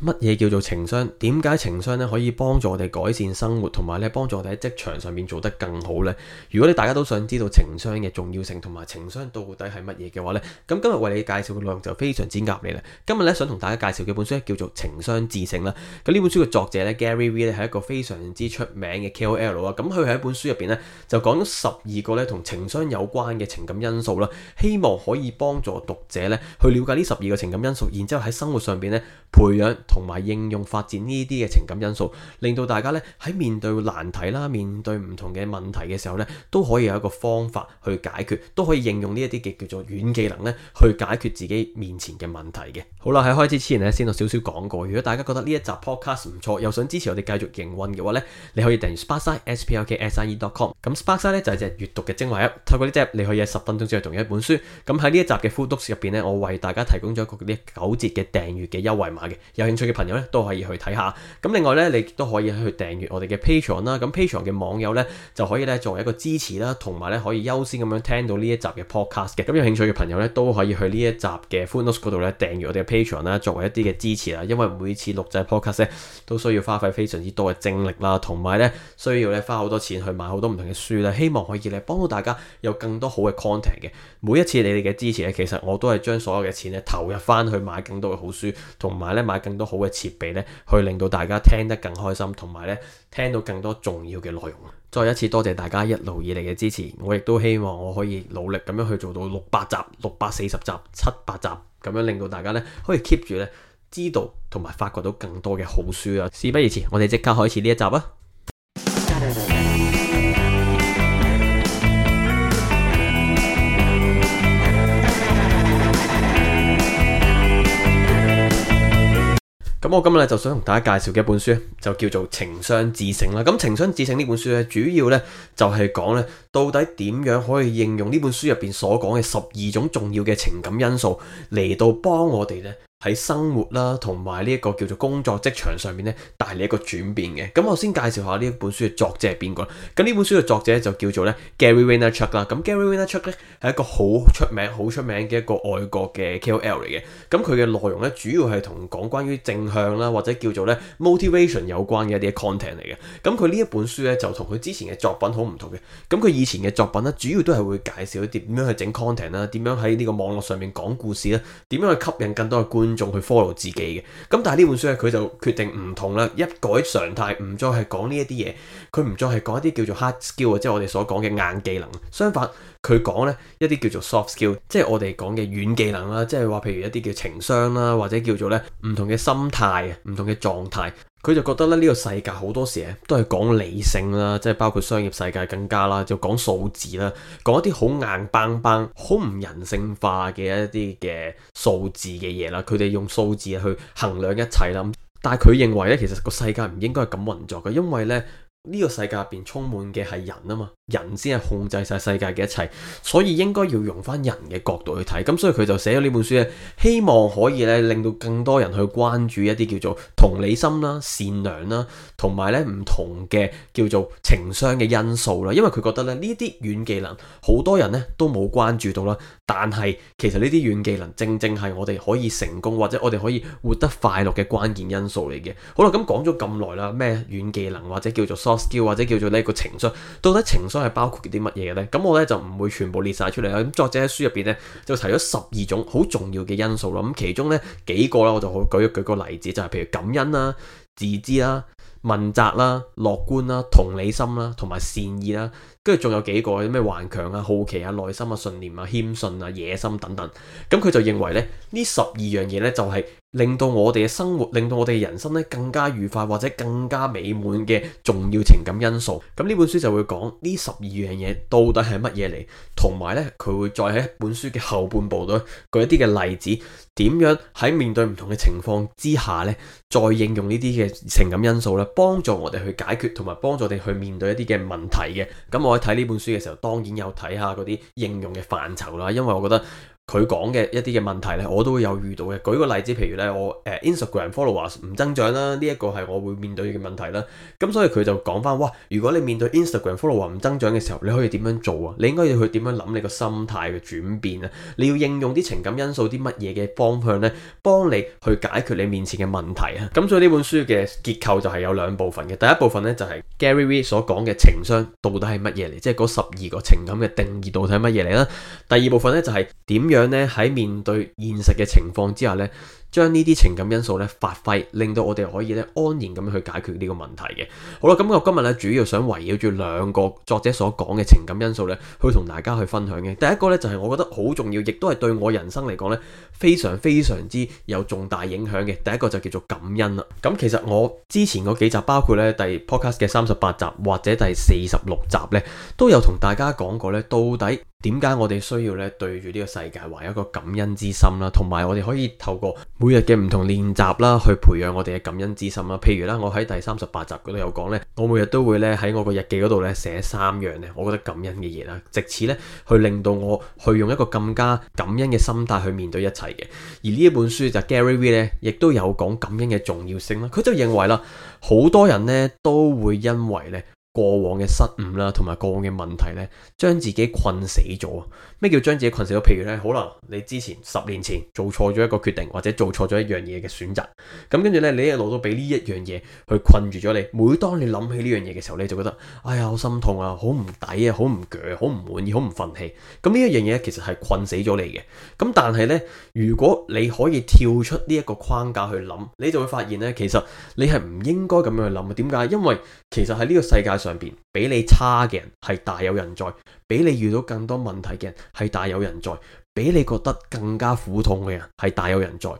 乜嘢叫做情商？點解情商咧可以幫助我哋改善生活，同埋咧幫助我哋喺職場上面做得更好呢？如果你大家都想知道情商嘅重要性，同埋情商到底係乜嘢嘅話呢，咁今日為你介紹嘅內容就非常之啱你啦。今日咧想同大家介紹嘅本書叫做《情商智性》啦。咁呢本書嘅作者咧 Gary Vee 咧係一個非常之出名嘅 KOL 啊。咁佢喺一本書入邊咧就講咗十二個咧同情商有關嘅情感因素啦，希望可以幫助讀者咧去了解呢十二個情感因素，然之後喺生活上邊咧培養。同埋應用發展呢啲嘅情感因素，令到大家咧喺面對難題啦，面對唔同嘅問題嘅時候咧，都可以有一個方法去解決，都可以應用呢一啲嘅叫做軟技能咧，去解決自己面前嘅問題嘅。好啦，喺開始之前咧，先有少少講過。如果大家覺得呢一集 podcast 唔錯，又想支持我哋繼續營運嘅話咧，你可以訂閱 sparkside s p k s i d o t c o m 咁 sparkside 咧就係隻閱讀嘅精華一。透過呢隻你可以喺十分鐘之內讀完一本書。咁喺呢一集嘅 Full 讀書入邊咧，我為大家提供咗一個啲九折嘅訂閱嘅優惠碼嘅，有興興趣嘅朋友咧，都可以去睇下。咁另外咧，你都可以去訂閱我哋嘅 Patreon 啦。咁 Patreon 嘅網友咧，就可以咧作為一個支持啦，同埋咧可以優先咁樣聽到呢一集嘅 Podcast 嘅。咁有興趣嘅朋友咧，都可以去呢一集嘅 Full Notes 度咧訂閱我哋嘅 Patreon 啦，作為一啲嘅支持啦。因為每次錄製 Podcast 咧，都需要花費非常之多嘅精力啦，同埋咧需要咧花好多錢去買好多唔同嘅書啦。希望可以咧幫到大家有更多好嘅 content 嘅。每一次你哋嘅支持咧，其實我都係將所有嘅錢咧投入翻去買更多嘅好書，同埋咧買更多。好嘅設備咧，去令到大家聽得更開心，同埋咧聽到更多重要嘅內容。再一次多謝大家一路以嚟嘅支持，我亦都希望我可以努力咁樣去做到六百集、六百四十集、七百集咁樣，令到大家咧可以 keep 住咧知道同埋發掘到更多嘅好書啊！事不宜遲，我哋即刻開始呢一集啊！咁我今日咧，就想同大家介紹嘅一本書，就叫做《情商自省》啦。咁《情商自省》呢本書呢，主要咧，就係講咧，到底點樣可以應用呢本書入面所講嘅十二種重要嘅情感因素，嚟到幫我哋咧。喺生活啦，同埋呢一個叫做工作職場上面咧，帶嚟一個轉變嘅。咁我先介紹下呢一本書嘅作者係邊個啦。咁呢本書嘅作者就叫做咧 Gary Vaynerchuk 啦。咁 Gary Vaynerchuk 呢係一個好出名、好出名嘅一個外國嘅 KOL 嚟嘅。咁佢嘅內容咧，主要係同講關於正向啦，或者叫做咧 motivation 有關嘅一啲 content 嚟嘅。咁佢呢一本書咧，就同佢之前嘅作品好唔同嘅。咁佢以前嘅作品咧，主要都係會介紹一啲點樣去整 content 啦，點樣喺呢個網絡上面講故事啦，點樣去吸引更多嘅觀觀眾去 follow 自己嘅，咁但係呢本書咧，佢就決定唔同啦，一改常態，唔再係講呢一啲嘢，佢唔再係講一啲叫做 hard skill 啊，即係我哋所講嘅硬技能，相反佢講咧一啲叫做 soft skill，即係我哋講嘅軟技能啦，即係話譬如一啲叫情商啦，或者叫做咧唔同嘅心態、唔同嘅狀態。佢就覺得咧，呢個世界好多時咧都係講理性啦，即係包括商業世界更加啦，就講數字啦，講一啲好硬邦邦、好唔人性化嘅一啲嘅數字嘅嘢啦。佢哋用數字去衡量一切啦，但係佢認為咧，其實個世界唔應該係咁運作嘅，因為咧，呢個世界入邊充滿嘅係人啊嘛，人先係控制晒世界嘅一切，所以應該要用翻人嘅角度去睇，咁所以佢就寫咗呢本書咧，希望可以咧令到更多人去關注一啲叫做同理心啦、善良啦，同埋咧唔同嘅叫做情商嘅因素啦，因為佢覺得咧呢啲軟技能好多人咧都冇關注到啦，但係其實呢啲軟技能正正係我哋可以成功或者我哋可以活得快樂嘅關鍵因素嚟嘅。好啦，咁講咗咁耐啦，咩軟技能或者叫做或者叫做呢個情商，到底情商係包括啲乜嘢嘅咧？咁我咧就唔會全部列晒出嚟啦。咁作者喺書入邊咧就提咗十二種好重要嘅因素啦。咁其中咧幾個啦，我就好舉一舉一個例子，就係、是、譬如感恩啦、啊、自知啦、啊、問責啦、啊、樂觀啦、啊、同理心啦、啊、同埋善意啦、啊，跟住仲有幾個咩頑強啊、好奇啊、耐心啊、信念啊、謙遜啊、野心等等。咁佢就認為咧呢十二樣嘢咧就係、是。令到我哋嘅生活，令到我哋人生咧更加愉快或者更加美滿嘅重要情感因素。咁呢本書就會講呢十二樣嘢到底係乜嘢嚟，同埋呢，佢會再喺本書嘅後半部度舉一啲嘅例子，點樣喺面對唔同嘅情況之下呢，再應用呢啲嘅情感因素咧，幫助我哋去解決同埋幫助我哋去面對一啲嘅問題嘅。咁我喺睇呢本書嘅時候，當然有睇下嗰啲應用嘅範疇啦，因為我覺得。佢講嘅一啲嘅問題咧，我都會有遇到嘅。舉個例子，譬如咧，我、uh, 誒 Instagram followers 唔增長啦，呢、這、一個係我會面對嘅問題啦。咁所以佢就講返，哇！如果你面對 Instagram followers 唔增長嘅時候，你可以點樣做啊？你應該要去點樣諗你個心態嘅轉變啊？你要應用啲情感因素，啲乜嘢嘅方向咧，幫你去解決你面前嘅問題啊！咁所以呢本書嘅結構就係有兩部分嘅。第一部分咧就係、是、Gary Vee 所講嘅情商到底係乜嘢嚟，即係嗰十二個情感嘅定義到底係乜嘢嚟啦。第二部分咧就係、是、點樣。樣咧喺面對現實嘅情況之下咧，將呢啲情感因素咧，發揮，令到我哋可以咧安然咁樣去解決呢個問題嘅。好啦，咁我今日咧主要想圍繞住兩個作者所講嘅情感因素咧，去同大家去分享嘅。第一個咧就係、是、我覺得好重要，亦都係對我人生嚟講咧非常非常之有重大影響嘅。第一個就叫做感恩啦。咁其實我之前嗰幾集，包括咧第 podcast 嘅三十八集或者第四十六集咧，都有同大家講過咧，到底。點解我哋需要咧對住呢個世界懷一個感恩之心啦？同埋我哋可以透過每日嘅唔同練習啦，去培養我哋嘅感恩之心啦。譬如啦，我喺第三十八集嗰度有講咧，我每日都會咧喺我個日記嗰度咧寫三樣咧，我覺得感恩嘅嘢啦，借此咧去令到我去用一個更加感恩嘅心態去面對一切嘅。而呢一本書就 Gary V 咧，亦都有講感恩嘅重要性啦。佢就認為啦，好多人咧都會因為咧。過往嘅失誤啦，同埋過往嘅問題呢，將自己困死咗。咩叫將自己困死咗？譬如呢，可能你之前十年前做錯咗一個決定，或者做錯咗一樣嘢嘅選擇。咁跟住呢，你一路都俾呢一樣嘢去困住咗你。每當你諗起呢樣嘢嘅時候，你就覺得哎呀，好心痛啊，好唔抵啊，好唔攰，好唔滿意，好唔憤氣。咁呢一樣嘢其實係困死咗你嘅。咁但係呢，如果你可以跳出呢一個框架去諗，你就會發現呢，其實你係唔應該咁樣去諗嘅。點解？因為其實喺呢個世界。上比你差嘅人係大有人在，比你遇到更多問題嘅人係大有人在，比你覺得更加苦痛嘅人係大有人在。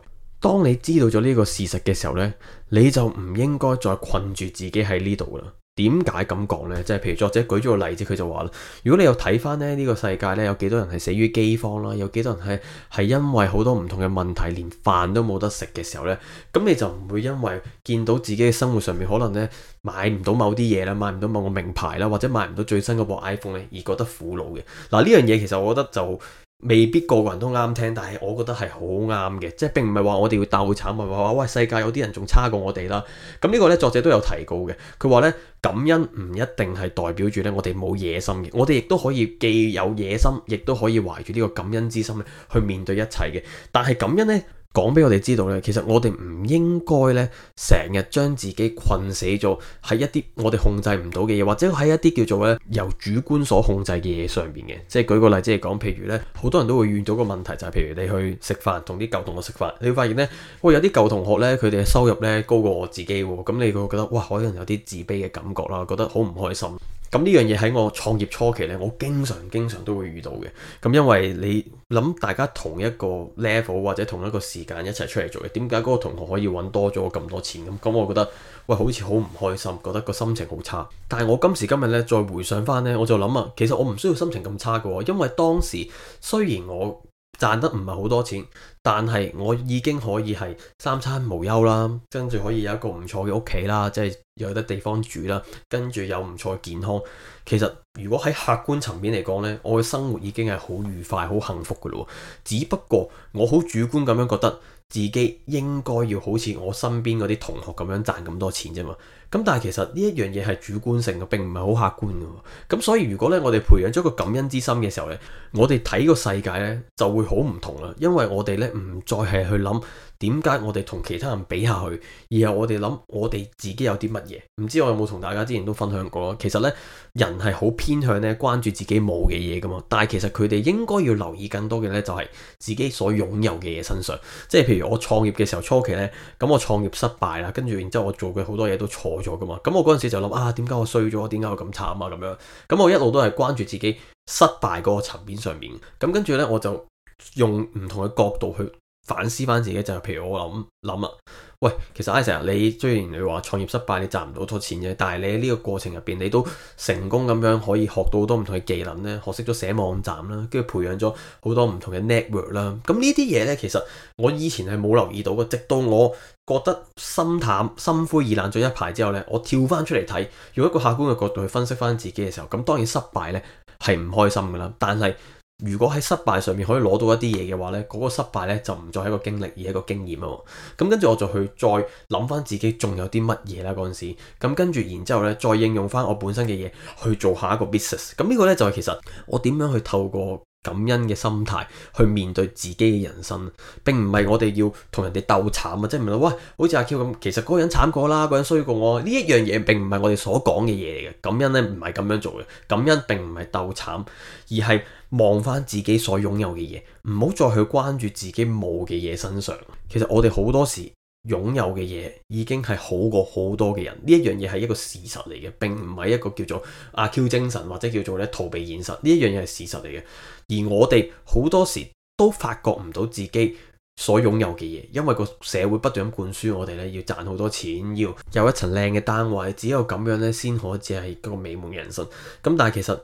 當你知道咗呢個事實嘅時候呢，你就唔應該再困住自己喺呢度啦。點解咁講呢？即係譬如作者舉咗個例子，佢就話啦：如果你有睇返咧呢個世界咧，有幾多人係死於饑荒啦？有幾多人係係因為好多唔同嘅問題，連飯都冇得食嘅時候呢？咁你就唔會因為見到自己嘅生活上面可能咧買唔到某啲嘢啦，買唔到某個名牌啦，或者買唔到最新嗰部 iPhone 咧，而覺得苦惱嘅。嗱，呢樣嘢其實我覺得就，未必個個人都啱聽，但係我覺得係好啱嘅，即係並唔係話我哋要鬥慘，唔係話喂，世界有啲人仲差過我哋啦。咁呢個咧作者都有提到嘅，佢話咧，感恩唔一定係代表住咧我哋冇野心嘅，我哋亦都可以既有野心，亦都可以懷住呢個感恩之心咧去面對一切嘅。但係感恩咧。講俾我哋知道咧，其實我哋唔應該咧，成日將自己困死咗喺一啲我哋控制唔到嘅嘢，或者喺一啲叫做咧由主觀所控制嘅嘢上邊嘅。即係舉個例子嚟講，譬如咧，好多人都會遇到個問題，就係譬如你去食飯，同啲舊同學食飯，你會發現咧，喂，有啲舊同學咧，佢哋嘅收入咧高過我自己，咁你會覺得哇，可能有啲自卑嘅感覺啦，覺得好唔開心。咁呢樣嘢喺我創業初期呢，我經常經常都會遇到嘅。咁因為你諗大家同一個 level 或者同一個時間一齊出嚟做嘢，點解嗰個同學可以揾多咗我咁多錢咁？咁我覺得喂好似好唔開心，覺得個心情好差。但係我今時今日呢，再回想翻呢，我就諗啊，其實我唔需要心情咁差嘅，因為當時雖然我賺得唔係好多錢，但係我已經可以係三餐無憂啦，跟住可以有一個唔錯嘅屋企啦，即係有得地方住啦，跟住有唔錯嘅健康。其實如果喺客觀層面嚟講呢，我嘅生活已經係好愉快、好幸福嘅咯。只不過我好主觀咁樣覺得。自己應該要好似我身邊嗰啲同學咁樣賺咁多錢啫嘛，咁但係其實呢一樣嘢係主觀性嘅，並唔係好客觀嘅。咁所以如果咧我哋培養咗個感恩之心嘅時候咧，我哋睇個世界咧就會好唔同啦，因為我哋咧唔再係去諗。點解我哋同其他人比下去，而係我哋諗我哋自己有啲乜嘢？唔知我有冇同大家之前都分享過。其實咧，人係好偏向咧關注自己冇嘅嘢噶嘛。但係其實佢哋應該要留意更多嘅咧，就係自己所擁有嘅嘢身上。即係譬如我創業嘅時候初期咧，咁我創業失敗啦，跟住然之後我做嘅好多嘢都錯咗噶嘛。咁我嗰陣時就諗啊，點解我衰咗？點解我咁慘啊？咁樣咁我一路都係關注自己失敗嗰個層面上面。咁跟住咧，我就用唔同嘅角度去。反思翻自己就係，譬如我諗諗啊，喂，其實 i s e 你雖然你話創業失敗，你賺唔到好多錢嘅，但係你喺呢個過程入邊，你都成功咁樣可以學到好多唔同嘅技能咧，學識咗寫網站啦，跟住培養咗好多唔同嘅 network 啦，咁呢啲嘢咧，其實我以前係冇留意到嘅，直到我覺得心淡、心灰意冷咗一排之後咧，我跳翻出嚟睇，用一個客觀嘅角度去分析翻自己嘅時候，咁當然失敗咧係唔開心㗎啦，但係。如果喺失敗上面可以攞到一啲嘢嘅話呢，嗰、嗰個失敗呢就唔再係一個經歷而係一個經驗咯。咁跟住我就去再諗翻自己仲有啲乜嘢啦嗰陣時，咁跟住然之後呢再應用翻我本身嘅嘢去做下一個 business。咁呢個呢，就係、係、其實我點樣去透過。感恩嘅心態去面對自己嘅人生，並唔係我哋要同人哋鬥慘啊！即係咪話喂，好似阿 Q 咁，其實嗰個人慘過啦，嗰人衰過我，呢一樣嘢並唔係我哋所講嘅嘢嚟嘅。感恩咧，唔係咁樣做嘅。感恩並唔係鬥慘，而係望翻自己所擁有嘅嘢，唔好再去關注自己冇嘅嘢身上。其實我哋好多時。擁有嘅嘢已經係好過好多嘅人，呢一樣嘢係一個事實嚟嘅，並唔係一個叫做阿 Q 精神或者叫做咧逃避現實，呢一樣嘢係事實嚟嘅。而我哋好多時都發覺唔到自己所擁有嘅嘢，因為個社會不斷咁灌輸我哋咧要賺好多錢，要有一層靚嘅單位，只有咁樣咧先可以係嗰個美滿嘅人生。咁但係其實。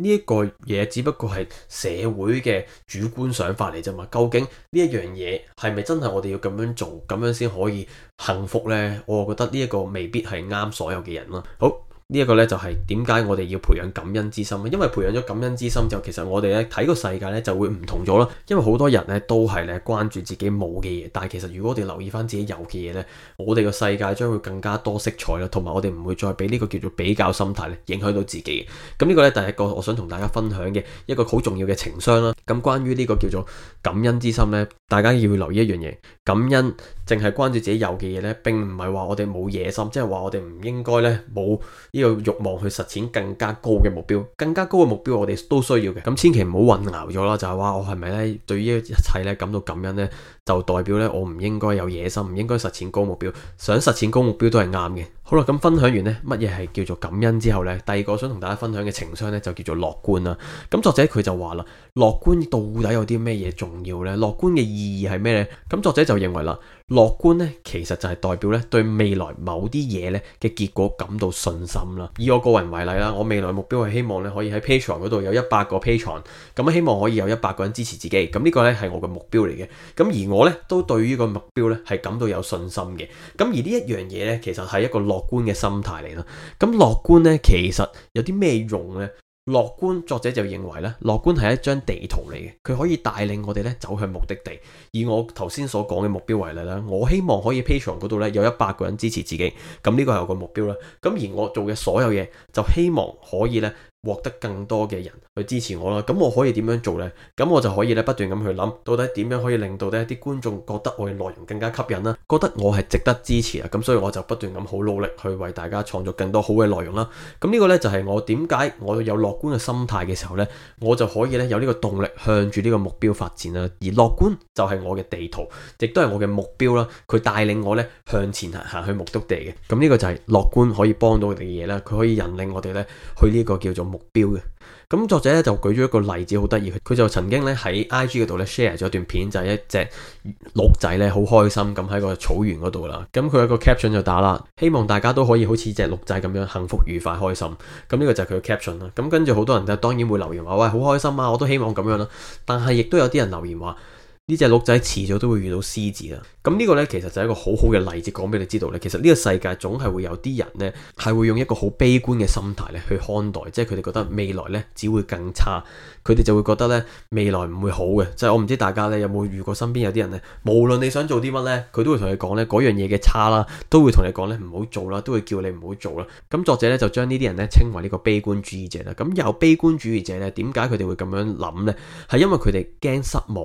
呢一個嘢，只不過係社會嘅主觀想法嚟啫嘛。究竟呢一樣嘢係咪真係我哋要咁樣做，咁樣先可以幸福呢？我覺得呢一個未必係啱所有嘅人咯。好。呢一個咧就係點解我哋要培養感恩之心咧？因為培養咗感恩之心就，其實我哋咧睇個世界咧就會唔同咗啦。因為好多人咧都係咧關注自己冇嘅嘢，但係其實如果我哋留意翻自己有嘅嘢咧，我哋個世界將會更加多色彩啦。同埋我哋唔會再俾呢個叫做比較心態咧影響到自己。咁呢個咧第一個我想同大家分享嘅一個好重要嘅情商啦。咁關於呢個叫做感恩之心咧，大家要留意一樣嘢，感恩淨係關注自己有嘅嘢咧，並唔係話我哋冇野心，即係話我哋唔應該咧冇。呢個欲望去實踐更加高嘅目標，更加高嘅目標我哋都需要嘅。咁千祈唔好混淆咗啦，就係話我係咪咧對於一切咧感到感恩呢？就代表咧，我唔應該有野心，唔應該實踐高目標，想實踐高目標都係啱嘅。好啦，咁分享完咧，乜嘢係叫做感恩之後咧，第二個想同大家分享嘅情商咧，就叫做樂觀啦。咁作者佢就話啦，樂觀到底有啲咩嘢重要咧？樂觀嘅意義係咩咧？咁作者就認為啦，樂觀咧其實就係代表咧對未來某啲嘢咧嘅結果感到信心啦。以我個人為例啦，我未來目標係希望咧可以喺 Patreon 度有一百個 Patron，咁希望可以有一百個人支持自己。咁呢個咧係我嘅目標嚟嘅。咁而我我咧都對於個目標咧係感到有信心嘅，咁而呢一樣嘢咧，其實係一個樂觀嘅心態嚟啦。咁樂觀咧，其實有啲咩用呢？樂觀作者就認為咧，樂觀係一張地圖嚟嘅，佢可以帶領我哋咧走向目的地。以我頭先所講嘅目標爲例啦，我希望可以 Patreon 嗰度咧有一百個人支持自己，咁呢個係我個目標啦。咁而我做嘅所有嘢，就希望可以咧。獲得更多嘅人去支持我啦，咁我可以點樣做呢？咁我就可以咧，不斷咁去諗，到底點樣可以令到呢啲觀眾覺得我嘅內容更加吸引啦，覺得我係值得支持啊！咁所以我就不斷咁好努力去為大家創作更多好嘅內容啦。咁呢個呢，就係我點解我有樂觀嘅心態嘅時候呢，我就可以咧，有呢個動力向住呢個目標發展啦。而樂觀就係我嘅地圖，亦都係我嘅目標啦。佢帶領我呢向前行，行去目的地嘅。咁呢個就係樂觀可以幫到我哋嘅嘢啦。佢可以引領我哋呢去呢個叫做。目標嘅。咁作者咧就舉咗一個例子，好得意。佢就曾經咧喺 IG 嗰度咧 share 咗段片，就係、是、一隻鹿仔咧好開心咁喺個草原嗰度啦。咁佢有個 caption 就打啦，希望大家都可以好似隻鹿仔咁樣幸福、愉快、開心。咁、這、呢個就係佢嘅 caption 啦。咁跟住好多人都當然會留言話：「喂，好開心啊！我都希望咁樣啦。但係亦都有啲人留言話，呢隻鹿仔遲早都會遇到獅子啦。咁呢個呢，其實就係一個好好嘅例子，講俾你知道呢其實呢個世界總係會有啲人呢，係會用一個好悲觀嘅心態咧去看待，即係佢哋覺得未來呢，只會更差，佢哋就會覺得呢，未來唔會好嘅。就係我唔知大家呢，有冇遇過身邊有啲人呢？無論你想做啲乜呢，佢都會同你講呢嗰樣嘢嘅差啦，都會同你講呢唔好做啦，都會叫你唔好做啦。咁作者呢，就將呢啲人呢稱為呢個悲觀主義者啦。咁有悲觀主義者呢，點解佢哋會咁樣諗呢？係因為佢哋驚失望，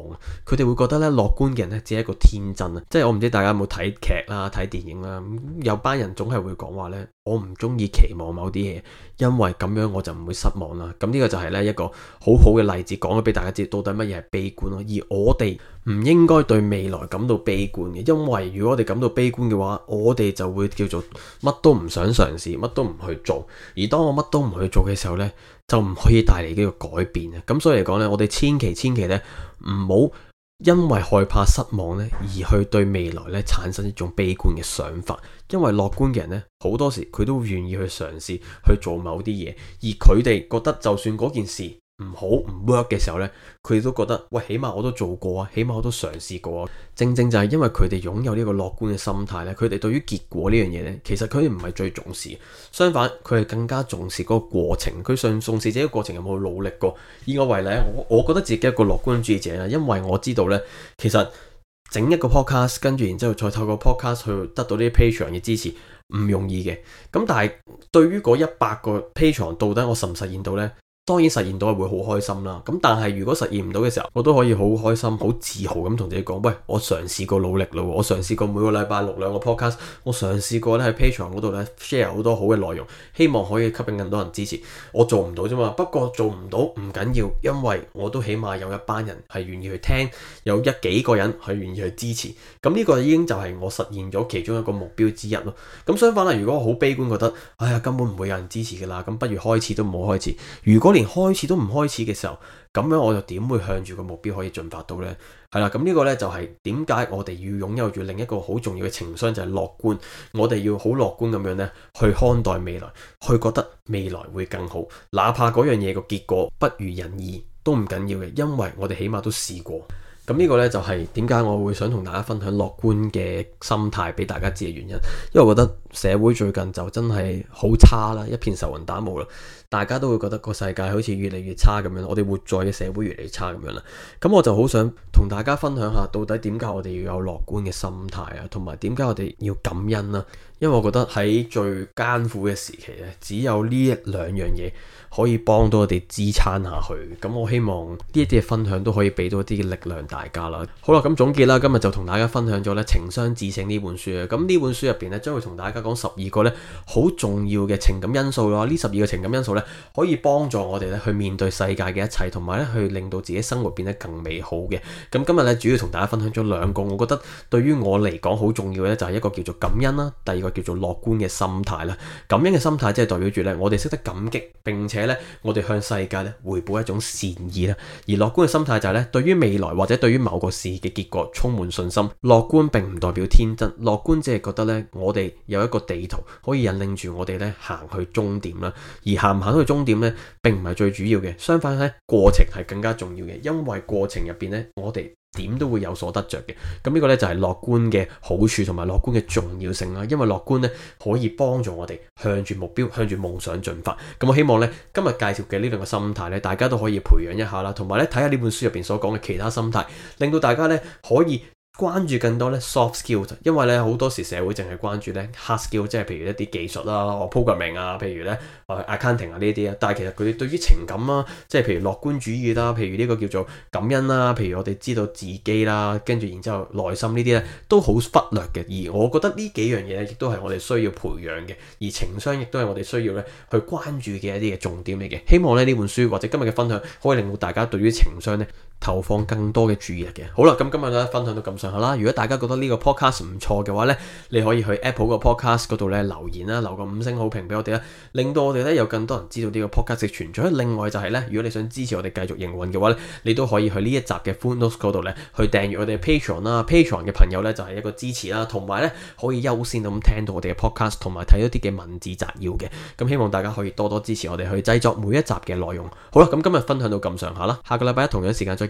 佢哋會覺得呢，樂觀嘅人呢，只係一個天真啊。即係我唔知大家有冇睇劇啦，睇電影啦，有班人總係會講話呢：「我唔中意期望某啲嘢，因為咁樣我就唔會失望啦。」咁呢個就係呢一個好好嘅例子，講咗俾大家知到底乜嘢係悲觀咯。而我哋唔應該對未來感到悲觀嘅，因為如果我哋感到悲觀嘅話，我哋就會叫做乜都唔想嘗試，乜都唔去做。而當我乜都唔去做嘅時候呢，就唔可以帶嚟呢個改變啊。咁所以嚟講呢，我哋千祈千祈呢唔好。因為害怕失望咧，而去對未來咧產生一種悲觀嘅想法。因為樂觀嘅人咧，好多時佢都願意去嘗試去做某啲嘢，而佢哋覺得就算嗰件事，唔好唔 work 嘅時候呢，佢哋都覺得喂，起碼我都做過啊，起碼我都嘗試過啊。正正就係因為佢哋擁有呢個樂觀嘅心態咧，佢哋對於結果呢樣嘢呢，其實佢哋唔係最重視，相反佢哋更加重視嗰個過程。佢上重視呢個過程有冇努力過。以我為例，我我覺得自己一個樂觀主義者啊，因為我知道呢，其實整一個 podcast，跟住然之後再透過 podcast 去得到呢啲 patron 嘅支持，唔容易嘅。咁但係對於嗰一百個 patron 到底我實唔實現到呢？當然實現到係會好開心啦，咁但係如果實現唔到嘅時候，我都可以好開心、好自豪咁同自己講：喂，我嘗試，試過努力啦，我嘗試，試過每個禮拜錄兩個 podcast，我嘗試，試過咧喺 Patreon 嗰度咧 share 好多好嘅內容，希望可以吸引更多人支持。我做唔到啫嘛，不過做唔到唔緊要，因為我都起碼有一班人係願意去聽，有一幾個人係願意去支持，咁呢個已經就係我實現咗其中一個目標之一咯。咁相反啦，如果我好悲觀，覺得哎呀，根本唔會有人支持噶啦，咁不如開始都唔好開始。如果連開始都唔開始嘅時候，咁樣我就點會向住個目標可以進發到呢？係啦，咁呢個呢，就係點解我哋要擁有住另一個好重要嘅情商，就係樂觀。我哋要好樂觀咁樣呢，去看待未來，去覺得未來會更好。哪怕嗰樣嘢個結果不如人意都唔緊要嘅，因為我哋起碼都試過。咁呢個呢，就係點解我會想同大家分享樂觀嘅心態俾大家知嘅原因，因為我覺得社會最近就真係好差啦，一片愁雲打霧啦，大家都會覺得個世界好似越嚟越差咁樣，我哋活在嘅社會越嚟越差咁樣啦。咁我就好想同大家分享下，到底點解我哋要有樂觀嘅心態啊，同埋點解我哋要感恩啦。因為我覺得喺最艱苦嘅時期咧，只有呢兩樣嘢可以幫到我哋支撐下去。咁我希望呢一啲嘅分享都可以俾到一啲力量大家啦。好啦，咁總結啦，今日就同大家分享咗咧《情商智性》呢本書啊。咁呢本書入邊咧，將會同大家講十二個咧好重要嘅情感因素咯。呢十二個情感因素咧，可以幫助我哋咧去面對世界嘅一切，同埋咧去令到自己生活變得更美好嘅。咁今日咧主要同大家分享咗兩個，我覺得對於我嚟講好重要嘅咧，就係一個叫做感恩啦，第。個叫做樂觀嘅心態啦，咁樣嘅心態即係代表住咧，我哋識得感激，並且咧我哋向世界咧回報一種善意啦。而樂觀嘅心態就係咧，對於未來或者對於某個事嘅結果充滿信心。樂觀並唔代表天真，樂觀只係覺得咧，我哋有一個地圖可以引領住我哋咧行去終點啦。而行唔行去終點咧，並唔係最主要嘅，相反咧，過程係更加重要嘅，因為過程入邊咧，我哋。點都會有所得着嘅，咁呢個呢，就係樂觀嘅好處同埋樂觀嘅重要性啦。因為樂觀呢，可以幫助我哋向住目標、向住夢想進發。咁我希望呢，今日介紹嘅呢兩個心態呢，大家都可以培養一下啦，同埋呢，睇下呢本書入邊所講嘅其他心態，令到大家呢可以。關注更多咧 soft skill，因為咧好多時社會淨係關注咧 hard skill，即係譬如一啲技術啦、啊，我、oh, programming 啊，譬如咧、uh, accounting 啊呢啲啊。但係其實佢對於情感啊，即係譬如樂觀主義啦、啊，譬如呢個叫做感恩啦、啊，譬如我哋知道自己啦、啊，跟住然之後內心呢啲咧都好忽略嘅。而我覺得呢幾樣嘢咧，亦都係我哋需要培養嘅，而情商亦都係我哋需要咧去關注嘅一啲嘅重點嚟嘅。希望咧呢本書或者今日嘅分享可以令到大家對於情商咧，投放更多嘅注意力嘅，好啦，咁今日咧分享到咁上下啦。如果大家覺得呢個 podcast 唔錯嘅話呢，你可以去 Apple 個 podcast 度咧留言啦，留個五星好評俾我哋啦，令到我哋咧有更多人知道呢個 podcast 存在。另外就係呢，如果你想支持我哋繼續營運嘅話呢，你都可以去呢一集嘅 podcast 度呢去訂閱我哋嘅 Patreon 啦，Patreon 嘅朋友呢就係、是、一個支持啦，同埋呢可以優先咁聽到我哋嘅 podcast，同埋睇一啲嘅文字摘要嘅。咁希望大家可以多多支持我哋去製作每一集嘅內容。好啦，咁今日分享到咁上下啦，下個禮拜一同樣時間再。